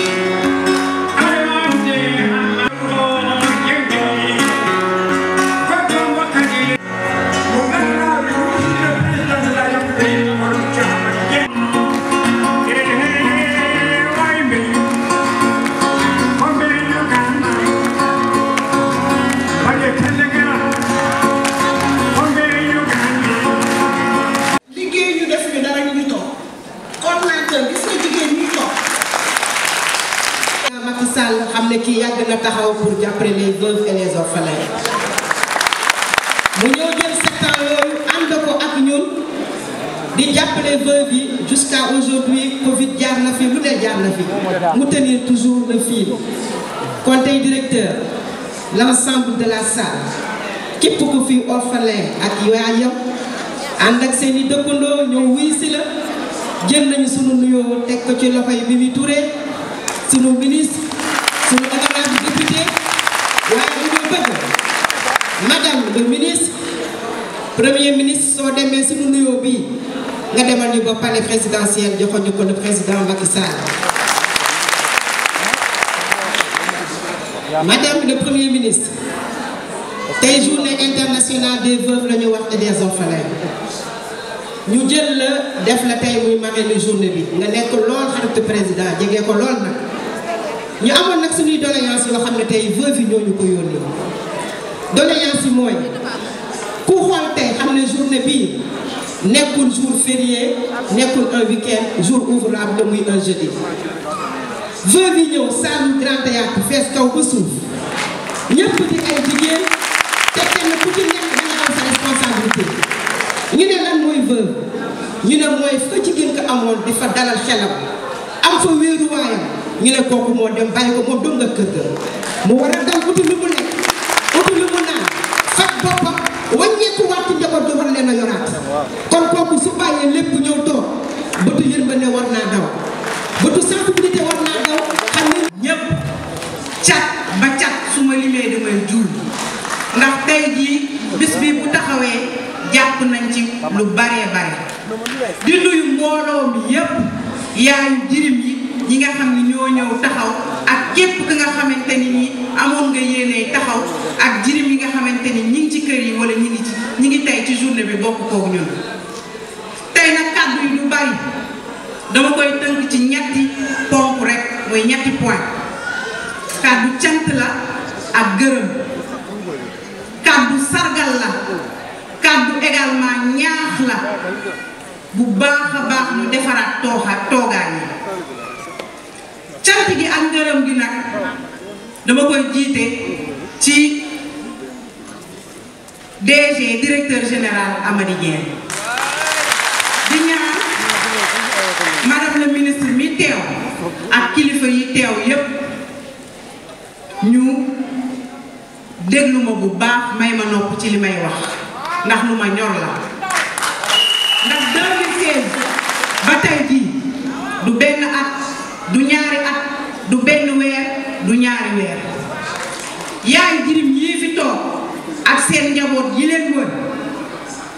Thank you. di les jusqu'à aujourd'hui Covid 19 na fi fait. Nous tenir toujours le fil conseil directeur l'ensemble de la salle Qui peut orphelin ak à qui nous nous, si nous nañu sunu ko ci bi Touré ministre madame le ministre premier ministre soo nga demal ñu ba palais présidentiel joxoon ñu ko le président Macky Sall. Madame le Premier ministre tey journée internationale des veuves la ñu wax et des orphelins ñu jël la def la tey muy le journée bi nga nekk lool xaritu président jege ko lool nag ñu amoon nag suñuy doléance yoo xam ne tey veuve yi ñoo ñu ko yónnee doléance yi mooy. journée bii nekkul jour férié nekkul un week-end jour ouvrable la muy un jeudi veuve yi ñëw salle Grand Théâtre fees kaw ba suuf ñëpp di ay jigéen te kenn ku ci nekk da nga am sa responsabilité ñu ne lan mooy veuve ñu ne mooy fa jigéen ko amoon di fa dalal xelam am fa wéeruwaayam ñu ne kooku moo dem bàyyi ko moom dom nga kër ga mu war a dal uti lu mu nekk la kon kooku su bàyyee lépp ñëw toog bëtu yërmande war naa daw bëtu sensibilité war naa daw xam ne ñëpp cat ba cat su ma limee damay juul ndax tey jii bis bi bu taxawee jàpp nañ ci lu baree bare di nuyu mbooloo mi yépp yaayu jirim yi ñi nga xam ne ñoo ñëw taxaw yépp ki nga xamante ni nii amoon nga yéenee taxaw ak jirim yi nga xamante ni ñi ngi ci kër yi wala ñi ngi ci ñi ngi tey ci journée bi bokk koog ñun. tey nag kàddu yi du bari dama koy tënk ci ñetti ponk rek mooy ñetti point kàddu cant la ak gërëm kàddu sargal la kàddu également ñaax la bu baax baax ñu defaraat tooxa toogaay yi cant gi ak ngërëm gi nag dama koy jiite ci DG directeur général Amady Dieng di ñaan madame le ministre mi teew ak kilifa yi teew yépp ñu déglu ma bu baax may ma nopp ci li may wax ndax lu ma ñor la ndax 2016 ba tey du benn weer du ñaari weer yaay jirim yii fi toog ak seen njaboot yi leen wër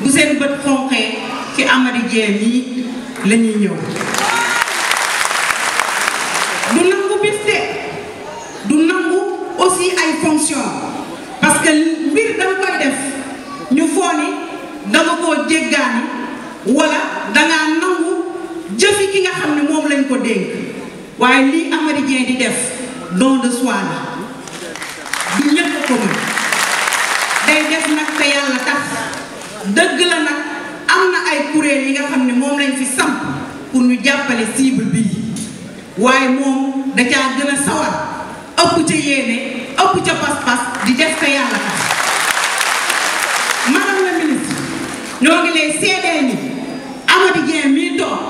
bu seen bët xonqee ci Amady Dieng yi lañuy ñëw du nangu bis de du nangu aussi ay fonction parce que mbir danga ko def ñu fooni danga koo jéggaani wala dangaa nangu jëfi ki nga xam ne moom lañ ko dénk waaye lii Amary Dieng di def don de soi la du ñëpp ko mën day def nag te yàlla tax dëgg la nag am na ay kuréel yi nga xam ne moom lañ fi samp pour ñu jàppale cible bi waaye moom da caa gën a sawar ëpp ca yéene ëpp ca pas-pas di def te yàlla tax madame la ministre ñoo ngi lay seedee ni Amary Dieng mii toog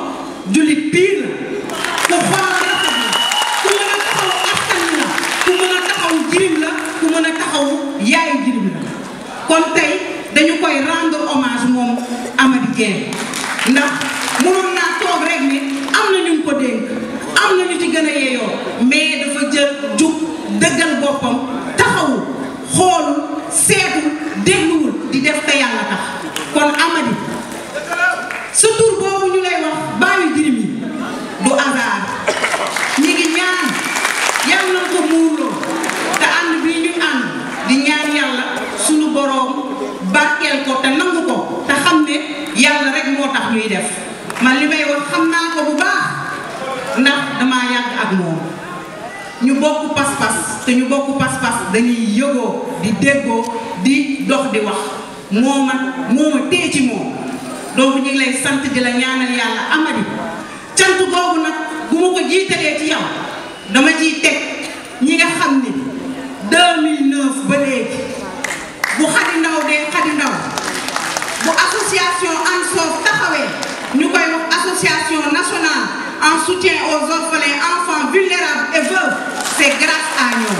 jullit piir kon tey dañu koy rend hommage moom Amady Dieng ndax mënoon naa toog rekk ni am na ñu ko dénk am na ñu ci gën a yeeyoo mais dafa jël jub dëggal boppam taxawu xoolu seetu dégluwul di def te yàlla tax kon Amady surtout man li may wax xam naa ko bu baax ndax damaa yàgg ak moom ñu bokk pas-pas te ñu bokk pas-pas dañuy yëgoo di déggoo di dox di wax moo man moo ma téye ci moom donc ñu lay sant di la ñaanal yàlla amadi cant googu nag bu ma ko jiitalee ci yow dama ciy teg ñi nga xam ni 2009 ba léegi soutien aux orphelins, enfants vulnérables et veuves, c'est grâce à nous.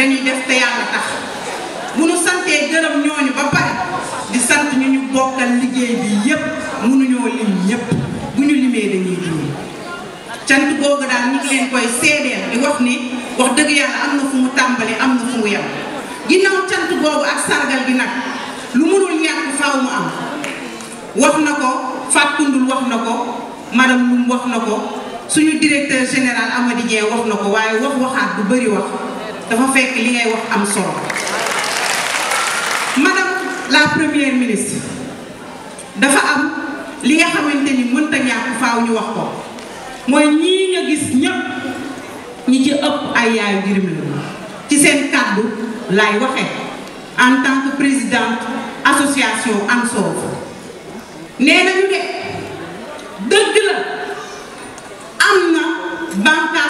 dañuy def te yàlla tax munu santee gërëm ñooñu ba pare di sant ñu ñu bokkal liggéey bi yépp munuñoo lim yépp bu ñu limee dañuy lim cant googu daal ñu leen koy seedeel di wax ni wax dëgg yàlla am na fu mu tàmbali am na fu mu yem ginnaaw cant googu ak sargal gi nag lu munul ñàkk faaw mu am wax na ko fàttundul wax na ko madame Loum wax na ko suñu directeur général Amady liggéey wax na ko waaye wax waxaat bu bëri wax dafa fekk li ngay wax am solo madame la première ministre dafa am li nga xamante ni mënta ñàkk faaw ñu wax ko mooy ñii nga gis ñëpp ñi ci ëpp ay yaayu jirim la ci seen kàddu laay waxe en tant que présidente association am Soof nee nañu de dëgg la am na bànqaas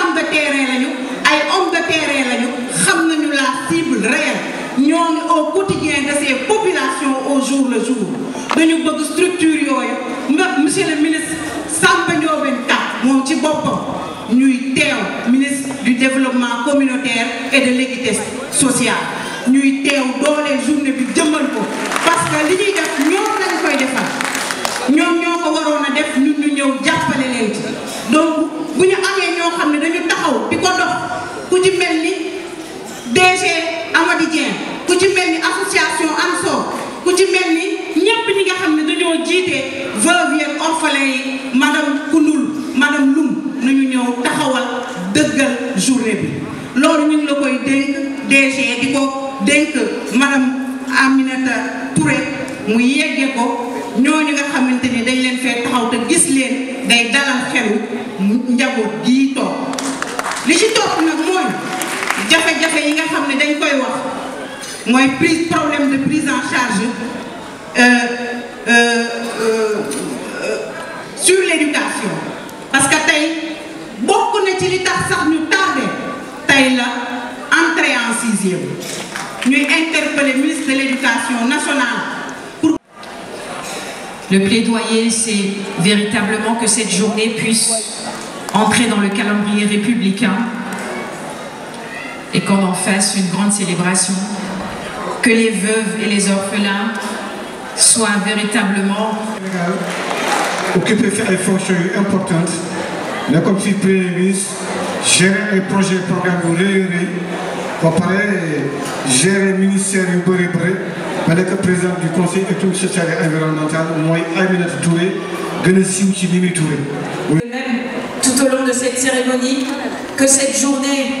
Nous sommes au quotidien de ces populations au jour le jour Nous bëgg structure structurer. monsieur le ministre nous avons Ka ministre du développement communautaire et de l'équité sociale Nous sommes des les bi jëmmal ko parce que li ñuy def ñoom lañ koy dañ koy problème de prise en charge euh, euh, euh, sur l'éducation parce que beaucoup bokk ci en sixième interpellons ministre de l'éducation nationale le plaidoyer c'est véritablement que cette journée puisse entrer dans le calendrier républicain et qu'on en fasse une grande célébration, que les veuves et les orphelins soient véritablement... Occuper une fonction importante, mais comme si Premier ministre, gérer les projets et programmes réunis, comparer gérer le ministère du Boré avec le président du Conseil économique, social et environnemental, moi, Aminata Touré, Genesim Chimimi Touré. tout au long de cette cérémonie, que cette journée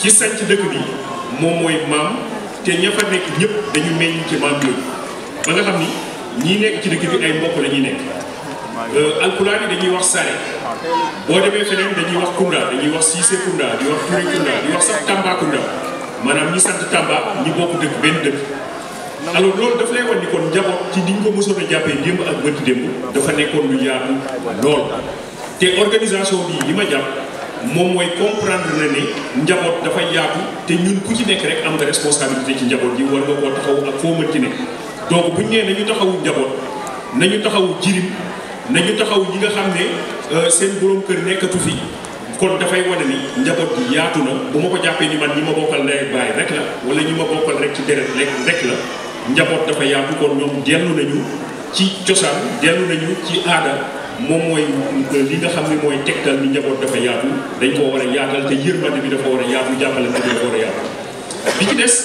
ci ci dëkk bi moom mooy maam te ña fa nekk ñëpp dañu meññ ci maam yooyu ba nga xam ni ñii nekk ci dëkk bi ay mbokk la ñuy nekk euh, alpulaar yi dañuy wax sare boo demee feneen dañuy wax Kounda dañuy wax Cissé Kounda di wax Touré Kounda di wax sax Tamba Kounda maanaam ñi sant Tamba ñi bokk dëkk benn dëkk alors loolu daf lay wan ni kon njaboot ci di ñu ko mosoon jàppee démb ak bëtt démb dafa nekkoon lu yaatu lool te organisation bii li ma jàpp moom mooy comprendre na ne njaboot dafa yaatu te ñun ku ci nekk rek am nga responsabilité ci njaboot yi war nga koo taxaw ak foo mën ci nekk donc bu ñu nee nañu taxawu njaboot nañu taxawu jirim nañu taxaw ñi nga xam ne euh, seen borom kër nekkatu fi kon dafay wane ni njaboot gi yaatu na bu ma ko jàppee ni man ñi ma bokkal ndey ak baay rek la wala ñi ma bokkal rek ci deret rek rek la njaboot dafa yaatu kon ñoom dellu nañu ci cosaan dellu nañu ci aada moom mooy euh, li nga xam ne mooy tegtal ni njaboot dafa yaatu dañ koo war a yaatal te yërmande bi dafa war a yaatu jàppale bi dafa war a yaatu bi ci des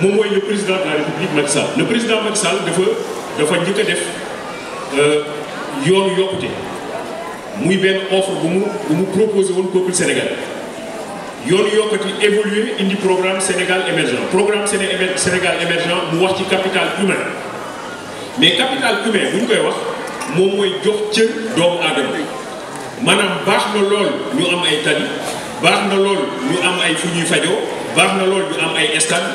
moom mooy le président de la république Macky Sall le président Macky dafa dafa njëkk a def euh, yoonu yokkute muy benn offre bu mu bu mu proposé woon peuple Sénégal yoonu yokkati évoluer indi programme Sénégal émergent programme Sénégal émergent mu wax ci capital humain mais capital humain bu ñu koy wax moom mooy jox cër doomu aadama maanaam baax na lool ñu am ay tali baax na lool ñu am ay fu ñuy fajoo baax na lool ñu am ay stade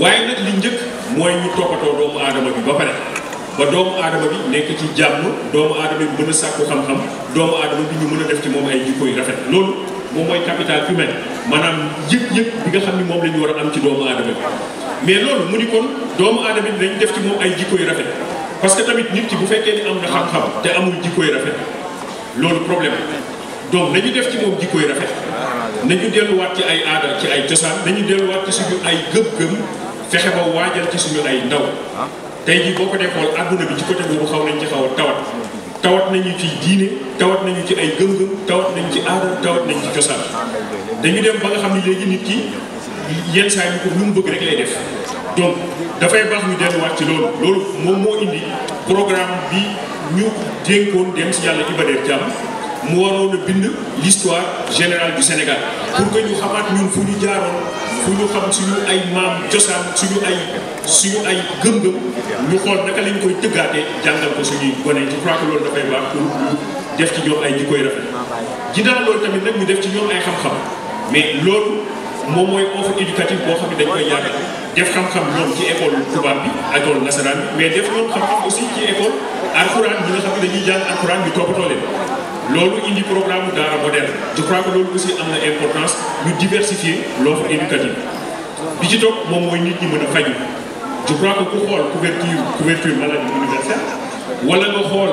waaye nag li njëkk mooy ñu toppatoo doomu aadama bi ba pare ba doomu aadama bi nekk ci jàmm doomu aadama bi mën a sàkku xam-xam doomu adama bi ñu mën a def ci moom ay jikko rafet loolu moom mooy capital humain maanaam yëg-yëg bi nga xam ni moom la ñu war a am ci doomu aadama bi mais loolu mu ni kon doomu aadama bi dañ def ci moom ay jikko yu rafet parce que tamit nit ki bu fekkee ni am na xam-xam te amul jikkooy rafet loolu problème doom nañu def ci moom jikkooy rafet nañu delluwaat ci ay aada ci ay cosaan nañu delluwaat ci suñu ay gëm-gëm fexe ba waajal ci suñu ay ndaw tey jii boo ko dee xool bi ci côté xaw nañ ci xaw a tawat tawat nañu ci diine tawat nañu ci ay gëm-gëm tawat ci aada tawat nañu ci cosaan dañu dem ba nga xam ne léegi nit ki yenn saa yi ko lu mu bëgg rek lay def donc dafay baax ñu delluwaat ci loolu loolu moom moo indi programme bi ñu dénkoon dem si yàlla Iba Der Thiam mu waroon a bind l'histoire générale du Sénégal pour que ñu xamaat ñun fu ñu jaaroon fu ñu xam suñu ay maam cosaan suñu ay gëm-gëm ñu xool naka lañ koy tëggaatee jàngal ko suñuy gone je crois que loolu dafay baax pour def ci ñoom ay jikko rafet ginnaaw loolu tamit nag ñu def ci ñoom ay xam-xam mais loolu moom mooy offre éducative boo xam ne dañ def xam-xam ñoom ci école tubaab bi école nasaraan bi mais def ñoom xam-xam aussi ci école alxuraan bi nga xam ne dañuy jàng alxuraan bi toppatoo leen loolu indi programme daara moderne je loolu aussi am na importance ñu diversifier l'offre éducative bi ci toog moom mooy nit ñi mën a faju je crois que ku xool couverture couverture maladie universelle wala nga xool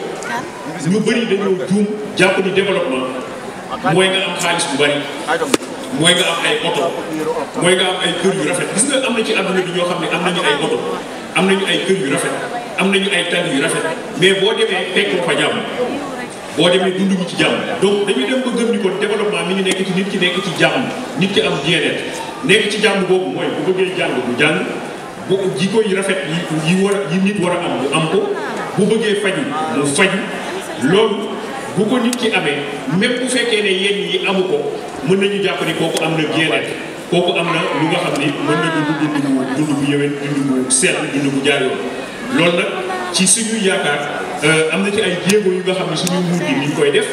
ñu bëri dañoo juum jàpp ni développement mooy nga am xaalis bu bëri mooy nga am ay oto mooy nga am ay kër yu rafet gis nga am na ci àdduna bi ñoo xam ne am nañu ay oto am nañu ay kër yu rafet am na ñu ay tànn yu rafet mais boo demee fekkoo fa jàmm boo demee dund gi ci jàmm donc dañuy dem ba gëm ni kon développement mi ngi nekk ci nit ki nekk ci jàmm nit ki am bien-être nekk ci jàmm boobu mooy bu bëggee jàng bu jàng bu jikko yi rafet yi yi war yi nit war a am bu am ko bu bëggee faju mu faju loolu bu ko nit ki amee même bu fekkee ne yenn yi amu ko mën nañu jàpp ni kooku am na génneet kooku am na lu nga xam ni mën na dund dund bu dund bu yëwén dund bu sell dund bu jaayoon loolu nag ci suñu yaakaar euh, am na ci ay jéego yu nga xam ne suñu nguur gi niñ koy def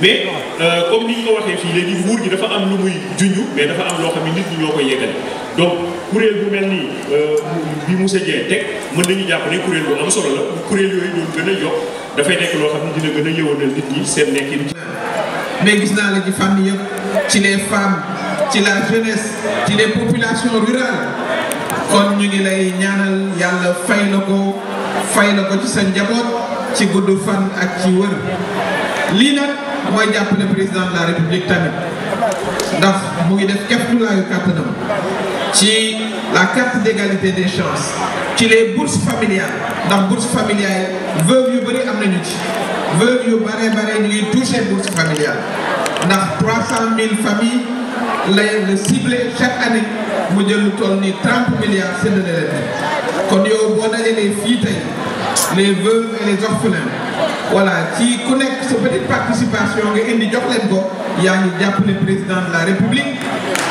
mais euh, comme ni ñu ko waxee fii léegi wuur gi dafa am lu muy junj mais dafa am loo xam ne nit ñi ñoo koy yeggale kuréel bu mel nii euh, bi mu Dieng teg mën nañu jàpp ne kuréel bu am solo la kuréel yooyu doon gën dafay nekk loo xam ne dina gën a yëwanal nit ñi seen nekkin. mais gis naa la ci famille yëpp ci les femmes ci la jeunesse ci les populations rurales kon ñu ngi lay ñaanal yàlla fay na ko fay la ko ci seen njaboot ci gudd fan ak ci wër lii nag mooy jàpp président la république tamit ndax mu ngi def képp lu laayu kàttanam ci la carte d'égalité des chances qui les bourses familiales les bourses familiales veuve veuve 300 000 familles les chaque année mu jël 30 milliards les les veuves et les orphelins voilà qui ku cette petite participation nga indi président de la république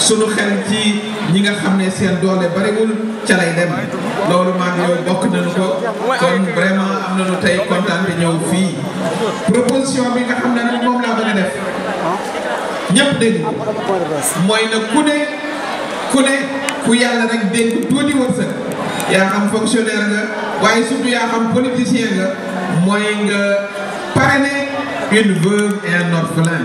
sunu xel ci ñi nga xam ne seen doole bariwul ca lay dem loolu maa yow bokk nañu ko kon vraiment am nañu tey kontaan bi ñëw fii proposition bi nga xam ne nag moom laa bëgg a def ñëpp dégg mooy na ku ne ku ne ku yàlla rek dégg tuuti wërsëg yaa xam fonctionnaire nga waaye surtout yaa xam politicien nga mooy nga parrainer une veuve et un orphelin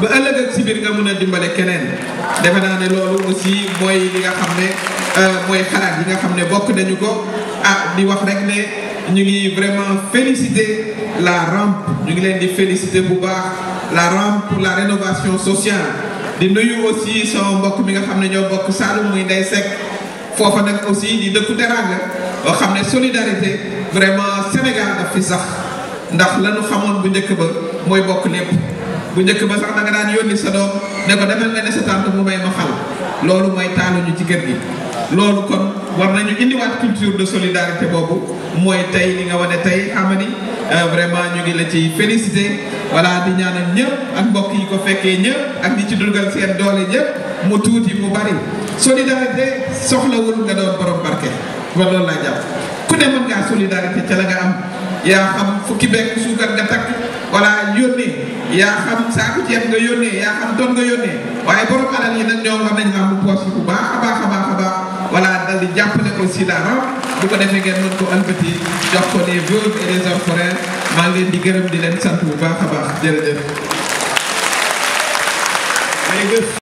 ba ëllëg ak si biir nga mën a dimbale keneen defe naa ne loolu aussi mooy li nga xam ne euh, mooy xalaat yi nga xam ne bokk nañu ko ah di wax rek ne ñu ngi vraiment féliciter la rampe ñu ngi leen di féliciter bu baax la rampe pour la rénovation sociale. di nuyu aussi sama mbokk mi nga xam ne ñoo bokk Saloum muy Ndeye sec foofa nag aussi di dëkku teraanga boo xam ne solidarité vraiment Sénégal daf fi sax ndax lañu xamoon bu njëkk ba mooy bokk lépp. bu njëkk ba sax da nga daan yónni sa doom ne ko defal nga ne sa tante mu may ma xal loolu mooy taaluñu ci kër gi loolu kon war nañu indiwaat culture de solidarité boobu mooy tey li nga wane tey amani euh, vraiment ñu ngi la ci félicité voilà di ñaanal ñëpp ak mbokk yi ko fekkee ñëpp ak ñi ci dugal seen doole ñëpp mu tuuti mu bari solidarité soxlawul nga doon borom barke ba loolu laa jàpp ku ne mën ngaa solidarité ca la nga am yaa xam fukki bekk suukar yaa xam saaku ceeb nga yónnee yaa xam doon nga yónnee waaye borom alal yi nag ñoom war nañ am poche bu baax a baax a baax baax voilà dal di jàppale ko daa dara bu ko defee ngeen mën ko albati jox ko les veuves et les maa leen di gërëm di leen sant bu baax baax baax jërëjëf.